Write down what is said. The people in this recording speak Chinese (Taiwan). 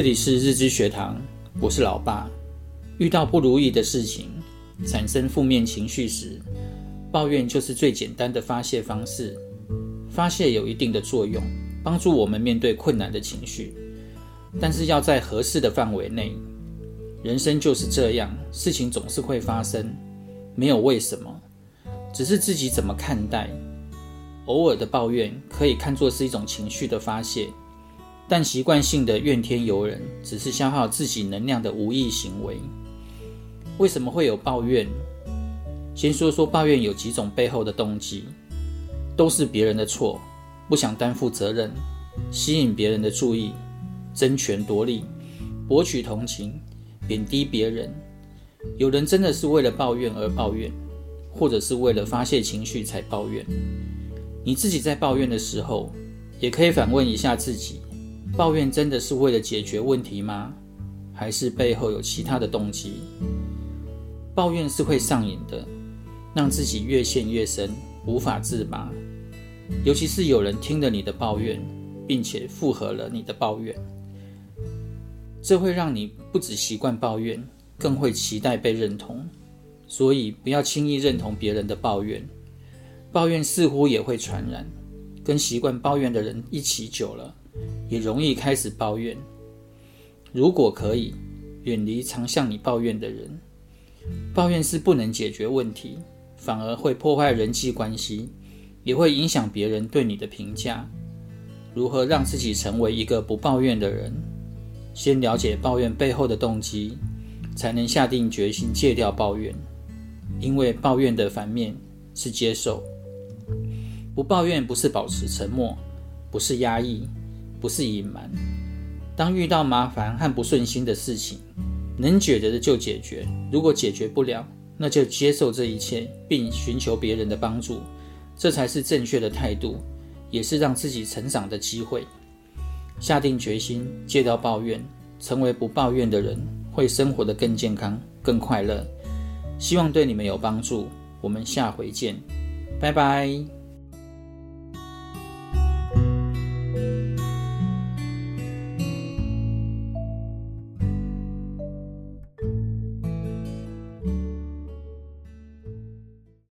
這裡是日之學堂，我是老爸。遇到不如意的事情，產生負面情緒時，抱怨就是最簡單的發洩方式。發洩有一定的作用，幫助我們面對困難的情緒，但是要在合適的範圍內。人生就是這樣，事情總是會發生，沒有為什麼，只是自己怎麼看待。偶爾的抱怨可以看作是一種情緒的發洩。但習慣性的怨天尤人，只是消耗自己能量的無益行為。為什麼會有抱怨？先說說抱怨有幾種背後的動機，都是別人的錯，不想擔負責任，吸引別人的注意，爭權奪利，博取同情，貶低別人。有人真的是為了抱怨而抱怨，或者是為了發洩情緒才抱怨。你自己在抱怨的時候，也可以反問一下自己。抱怨真的是為了解決問題嗎？還是背後有其他的動機？抱怨是會上癮的，讓自己越陷越深，無法自拔。尤其是有人聽了你的抱怨，並且附和了你的抱怨，這會讓你不只習慣抱怨，更會期待被認同。所以不要輕易認同別人的抱怨。抱怨似乎也會傳染，跟習慣抱怨的人一起久了。也容易開始抱怨。如果可以，遠離常向你抱怨的人。抱怨是不能解決問題，反而會破壞人際關係，也會影響別人對你的評價。如何讓自己成為一個不抱怨的人？先了解抱怨背後的動機，才能下定決心戒掉抱怨。因為抱怨的反面是接受。不抱怨不是保持沉默，不是壓抑。不是隱瞞。當遇到麻煩和不順心的事情，能解決的就解決，如果解決不了，那就接受這一切，並尋求別人的幫助。這才是正確的態度，也是讓自己成長的機會。下定決心戒掉抱怨，成為不抱怨的人，會生活得更健康、更快樂。希望對你們有幫助。我們下回見，拜拜。